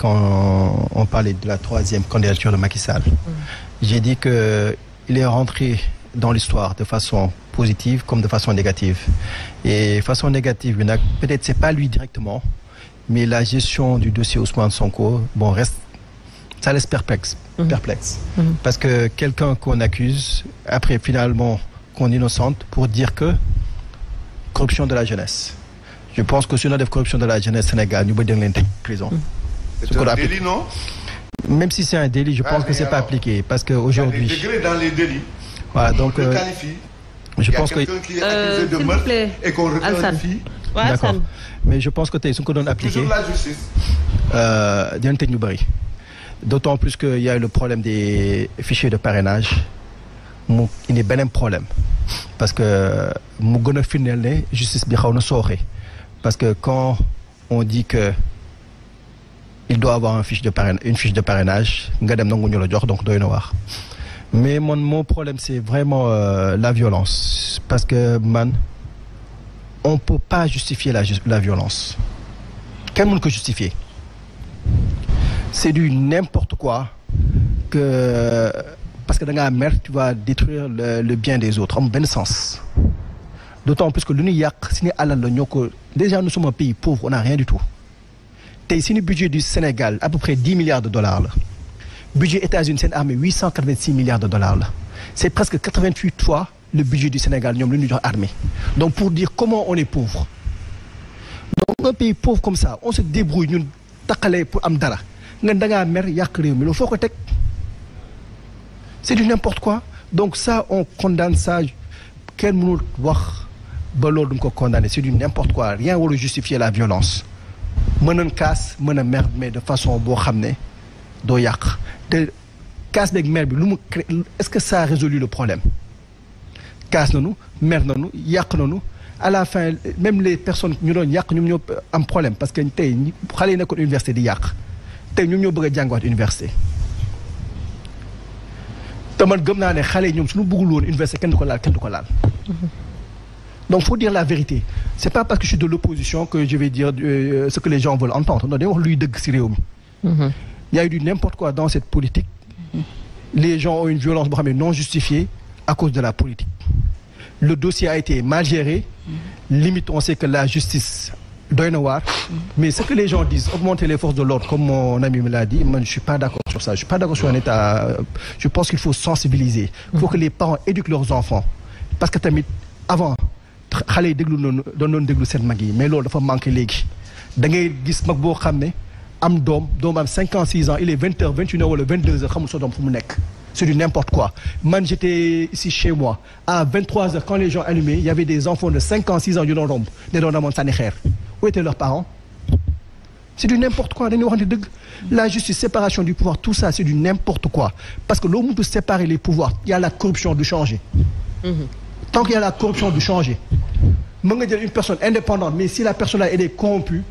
quand on parlait de la troisième candidature de Macky Sall. Mm. J'ai dit qu'il est rentré dans l'histoire de façon positive comme de façon négative. Et façon négative, peut-être c'est pas lui directement, mais la gestion du dossier Ousmane Sonko, bon, reste, ça laisse perplexe. Mm. Mm. Parce que quelqu'un qu'on accuse, après finalement qu'on innocente, pour dire que corruption de la jeunesse. Je pense que si on des corruption de la jeunesse Sénégal, nous en prison. C'est un délit, non Même si c'est un délit, je pense que ce n'est pas appliqué. Parce qu'aujourd'hui. Il y a dans les délits. Voilà, donc. Euh, je pense que. Qui est euh, de meurtre et qu'on requalifie. Ouais, D'accord. Mais je pense que ce ce qu'on appliqué. appliqué. toujours la justice. Euh, d'autant plus qu'il y a le problème des fichiers de parrainage Il n'est pas un problème parce que mu la justice bi parce que quand on dit que il doit avoir un fiche de parrainage, une fiche de parrainage donc mais mon problème c'est vraiment euh, la violence parce que man on peut pas justifier la violence Quel monde peut justifier c'est du n'importe quoi que parce que dans la merde tu vas détruire le, bien des autres en bon sens d'autant plus que déjà nous sommes un pays pauvre on n'a rien du tout si le budget du Sénégal à peu près 10 milliards de dollars le budget États-Unis seen armée 886 milliards de dollars c'est presque 88 fois le budget du Sénégal ñom armée donc pour dire comment on est pauvre donc un pays pauvre comme ça on se débrouille ñun pour am dara nga nga mer yak réew mi du n'importe quoi donc ça on condamne ça Quel mënul wax ba du condamner du n'importe quoi rien ne justifier la violence mën a kaas mën a mais de façon boo xam ne doo yàq te kaas beeg mer bi lu mu est-ce que ça a résolu le problème kaas nañu mer nañu yàq nañu à la fin même les personnes ñu doon yàq ñoom ñoo am problème parce que tey xale yi nekkoon université di yàq tey ñoom ñoo bëgg a jàngawaat université. te man gëm naa ne xale yi ñoom suñu bëggul woon université kenn du ko laal kenn du ko laal. Mhm. Donc, il faut dire la vérité. Ce n'est pas parce que je suis de l'opposition que je vais dire euh, ce que les gens veulent entendre. d'ailleurs, lui, de mhm. Il y a eu du n'importe quoi dans cette politique. Les gens ont une violence non justifiée à cause de la politique. Le dossier a été mal géré. Limite, on sait que la justice doit avoir. Mais ce que les gens disent, augmenter les forces de l'ordre, comme mon ami me l'a dit, moi, je ne suis pas d'accord sur ça. Je ne suis pas d'accord sur un État. Euh, je pense qu'il faut sensibiliser. Il faut mhm. que les parents éduquent leurs enfants. Parce que, avant, xale déglu doon doon déglu sen mag mais loolu dafa manquer léegi da ngay gis mag bo xamné am dom dom am 5 ans 6 ans il est 20 h 21 heures wala 22 h xamul so dom fu mu c'est du n'importe quoi man j'étais ici chez moi à 23 h quand les gens allumaient il y avait des enfants de 5 ans 6 ans yu doon romb ne don amon sànni où étaient leurs parents. c'est du n'importe quoi waxante la justice séparation du pouvoir tout ça c'est du n'importe quoi parce que l'homme peut séparer les pouvoirs il y a la corruption de changer. Mm-hmm. tant qu'il y a la corruption de changer. Je veux dire, une personne indépendante mais si la personne elle est corrompue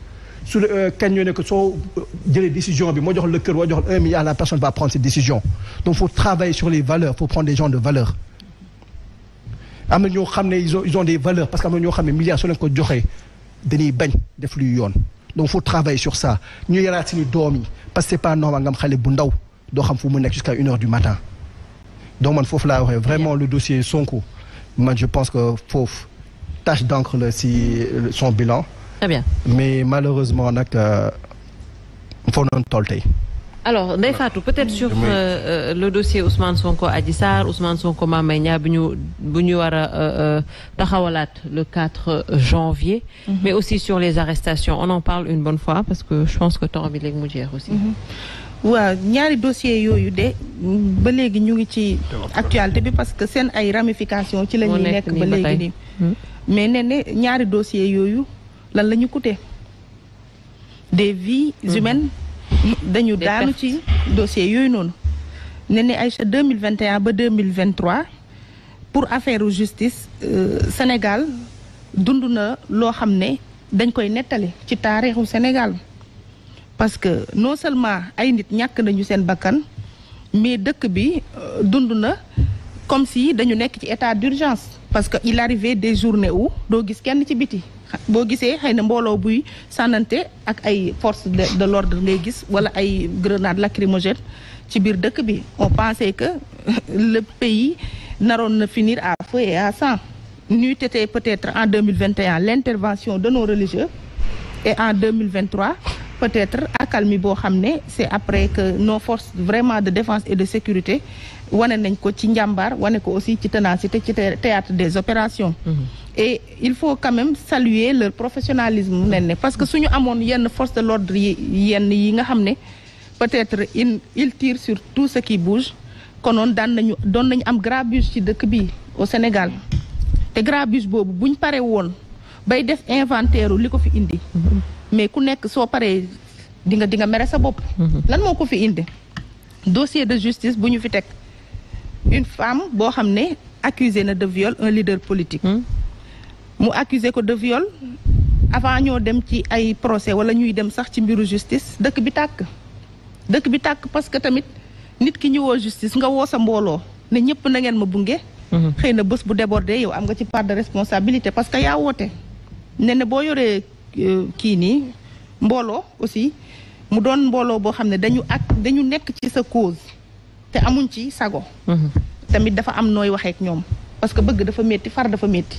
sur le ñoo que soo euh, jëlee décision bi je jox le kër moo jox un milliard la personne va prendre ses décisions. donc il faut travailler sur les valeurs il faut prendre des gens de valeur ils ont des valeurs parce qu'ils ont des milliards sur leen ko de dañuy bañ Donc, il donc faut travailler sur ça ñu avons qui parce que ce n'est pas normal nga am xale bu ndaw jusqu'à 1h du matin donc il faut vraiment le dossier Sonko man je pense que faut d'encre si euh, son bilan. Très bien. mais malheureusement on que pour euh, toll alors Ndeye Fatou peut-être sur euh, le dossier Ousmane Sonko Adissar, Ousmane Sonko Mame Mbaye Tahawalat le 4 janvier. Mhm. mais aussi sur les arrestations on en parle une bonne fois parce que je pense que tu envie de les dire aussi. Oui, mhm. ñaari dossier a de ba des ñu ngi ci actualité parce que c'est une ramification qui est ñuy mais nee ñaari dossier yooyu lan la ñu coûté des vies mhm. humaines dañu daanu ci dossier yooyu noonu ne ne ay 2021 ba 2023 pour affaire justice euh, Sénégal dund na loo xam ne dañ koy nettali ci taarixu Sénégal parce que non seulement ay nit ñàkk nañu seen bakkan mais dëkk bi euh, dund na comme si dañu nekk ci état d'urgence parce qu'il arrivait des journées où do gis kenn ci biti bo gisee xëy mbolo buy sananté ak ay force de l'ordre ngay gis wala ay grenade lacrymogène ci biir dëkk bi on pensait que le pays allait finir à feu et à sang Nous, était peut-être en 2021 l'intervention de nos religieux et en 2023 peut-être accalmie bo xamné c'est après que nos forces vraiment de défense et de sécurité wane nañ ko ci njambar wane ko aussi ci ténacité ci théâtre des opérations mm-hmm. et il faut quand même saluer leur professionnalisme parce que suñu avons yenn force de l'ordre yenn yi nga peut-être il tirent sur tout ce qui bouge Quand on nañu don am grabuge ci dëkk bi au Sénégal te grabuge bobu buñ paré won bay def inventaire fi indi mm-hmm mais ku nek so pareil di nga di nga mere sa bop mhm. lan moko fi indi dossier de justice buñu fi tek une femme bo xamné accusée accusé na de viol un leader politique. Hmm? mu accusé ko de viol avant ñoo dem ci ay procès wala ñuy dem sax ci mbiru justice dëkk bi tak dëkk bi tak parce que tamit nit ki ñu wo justice nga wo sa mbolo ne ñepp na ngeen ma bunge. Mhm. xeyna bëss bu débordé yow am nga ci part de responsabilité parce que ya woté né ne bo yoré kii nii mbooloo aussi mu doon mbooloo boo xam ne dañu ak dañu nekk ci sa cause te amuñ ci sago mhm. tamit dafa am nooy waxeek ñoom parce que bëgg dafa métti far dafa métti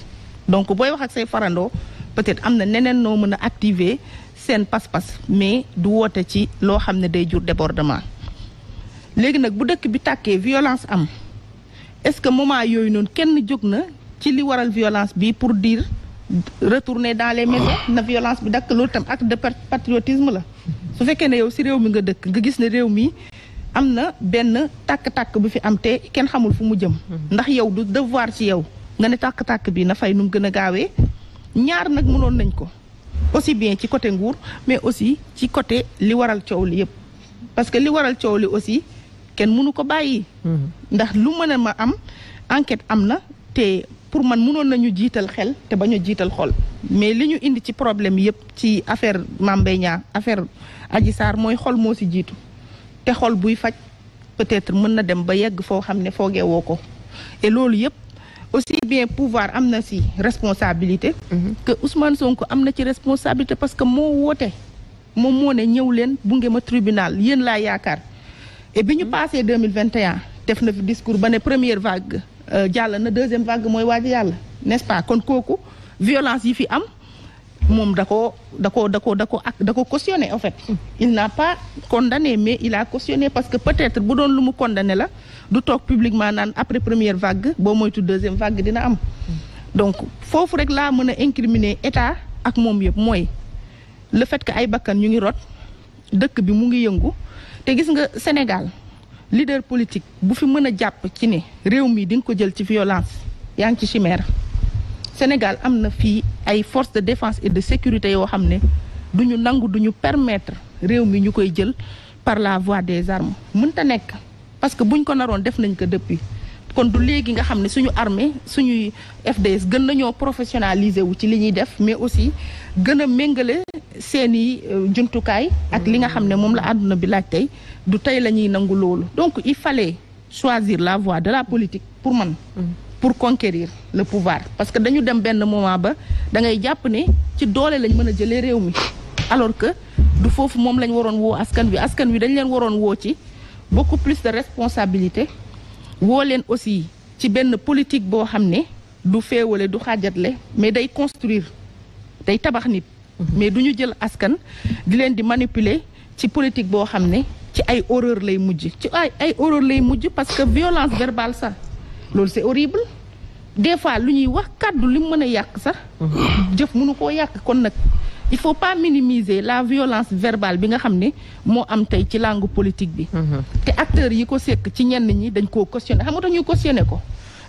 donc booy wax ak say farandoo peut-être am na neneen noo mën a activer seen pas-pas mais du woote ci loo xam ne day jur débordement léegi nag bu dëkk bi tàkkee violence am est-ce que moment yooyu noonu kenn jóg na ci li waral violence bi pour diir retourner dans les maisons ah. na violence bi dak loolu tam acte de patriotisme la su fekke ne yow si rew mi nga dekk nga gis ne rew mi amna ben tak tak bu fi am te ken xamul fu mu jëm mhm. ndax yow du devoir ci yow nga ne tak tak bi na fay num gëna gaawé ñaar nag nañ ko aussi bien ci côté nguur mais aussi ci côté li waral ciow li yëpp parce que li waral ciow li aussi ken mënu ko bayyi mhm. ndax lu mëna ma am enquête amna te pour man mënoon nañu jiital xel te bañ a jiital xol mais li ñu indi ci problème yëpp ci affaire Mame Mbaye affaire aji Sarr mooy xol moo si jiitu te xol buy faj peut-être mën na dem ba yegg foo xam ne foogee woo ko et loolu yëpp aussi bien pouvoir am na si responsabilité mm-hmm. que Ousmane Sonko am na ci responsabilité parce que moo woote moom moo ne ñëw leen bunge ma tribunal yéen laa yaakaar et bi ñu mm-hmm. passé 2021 def na fi discours ba ne première vague jàll euh, na deuxième vague moy waaj yalla n'est-ce pas kon koku violence yi fi am mom dako dako dako dako da ak cautionné en fait il n'a pas condamné mais il a cautionné parce que peut-être bu don lu mu condamné la du tok publiquement naan après première vague boo moytu deuxième vague dina am donc fofu rek la meuna incriminer état ak mom yeb moy le fait que ay bakkan ñu ngi rot dëkk bi mu ngi yëngu te gis nga Sénégal leader politique bu fi mën a jàpp ci ne réew mi di nga ko jël ci violence yaa ngi ci chimère Sénégal am na fii ay forces de défense et de sécurité yoo xam ne du ñu nangu duñu ñu permettre réew mi ñu koy jël par la voie des armes mënta nekk parce que buñ ko naroon def nañ ko depuis kon du léegi nga xam ne suñu armee suñuy FDS gën nañoo professionnaliser wu ci li ñuy def mais aussi gën a méngale seen i euh, jumtukaay. ak li nga xam ne moom la àdduna bi laaj tey du tey la ñuy nangu loolu donc il fallait choisir la voie de la politique pour man. pour conquérir le pouvoir parce que dañu dem benn moment ba da ngay jàpp ne ci doole lañ mën a jëlee réew mi alors que du foofu moom lañ waroon woo askan wi askan wi dañ leen waroon woo ci beaucoup plus de responsabilité. woo leen aussi ci benn politique boo xam ne du féewale du xaajatle mais day construire day tabax nit mhm. mais du ñu jël askan di leen di manipuler ci politique boo xam ne ci ay horreur lay mujj ci ay ay horreur lay mujj parce que violence verbale sax loolu c'est horrible des fois lu ñuy wax kàddu li mu mën a yàq sax mhm. jëf mënu koo yàq kon nag il faut pas minimiser la violence verbale bi nga xamné ne am tay ci langue politique bi. Mhm. te acteurs yi ko sekk ci ñenn ñi dañ ko cautionné xam nga tax ñu cautionné ko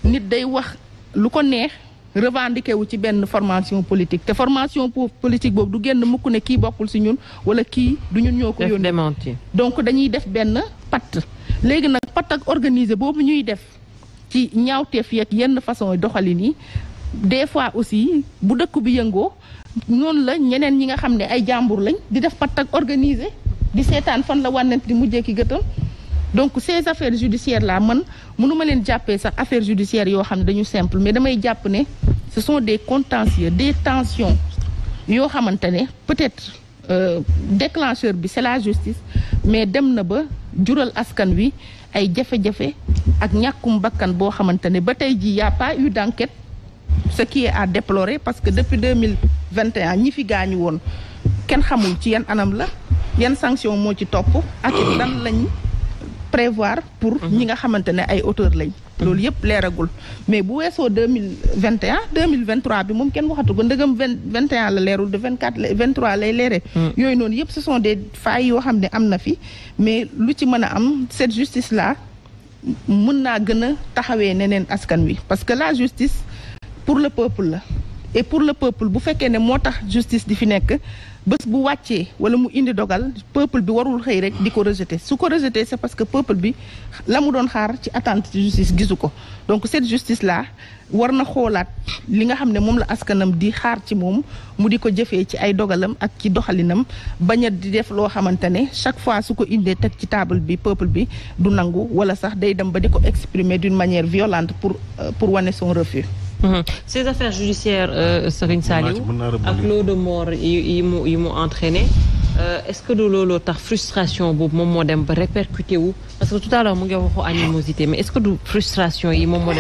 nit day wax lu ko neex. revendiquer wu ci ben formation politique te formation politique bobu du génn mukk ne ki bokul ci ñun wala ki du ñun ñoko ko démenti donc dañuy def ben pat. légui nak pat ak organisé bobu ñuy def ci ñaawteef yeeg yenn façon doxalin des fois aussi bu dëkk bi yëngoo noonu la ñeneen ñi nga xam ne ay jàmbur lañ di def pat organisé di seetaan fan la wànnant di mujjee ki gëtam donc ces affaires judiciaires là man mënuma leen jàppee sax affaires judiciaires yoo xam ne dañu simple mais damay jàpp ne ce sont des contentieux des tensions yoo xamante ne peut-être euh, déclencheur bi c'est la justice mais dem na ba jural askan wi ay jafe-jafe ak ñàkkum bakkan boo xamante ne ba tey jii y a pas eu d'enquête ce qui est à déplorer parce que depuis 2000 21 ñi fi gaañu woon kenn xamul ci yan anam la yenn sanction moo ci topp ak lan lañ prévoir pour ñi nga xamante ne ay auteur lañ loolu yëpp leeragul mais bu weesoo deux mille vingt et mille vingt bi moom kenn waxatu ko ndëgam vingt vingt et un la leerul de vingt quatre lay leeree mm. yooyu noonu yëpp ce sont des yoo xam ne am na fi mais lu ci mën a am cette justice là mën naa gën a taxawee neneen askan wi parce que la justice pour le peuple la et pour le peuple bu fekkee ne justice di fi que bés bu wala mu indi dogal peuple bi warul xey rek diko rejeter c'est parce que peuple bi xaar justice donc cette justice là war na li nga la askanam di xaar ci ci ay dogalam ak ci doxalinam di def chaque fois ci table peuple bi du nangu wala sax day dem exprimer d'une manière violente pour euh, pour son refus Mhm. ces affaires judiciaires euh, Serigne Saliou ak l'eau de mort yi mu yi mu entraîné euh, est-ce que de lolo tax frustration boobu moom moment, dem ba répercuter parce que tout à l'heure mu ngi waxu animosité mais est-ce que du frustration yi moom moo dem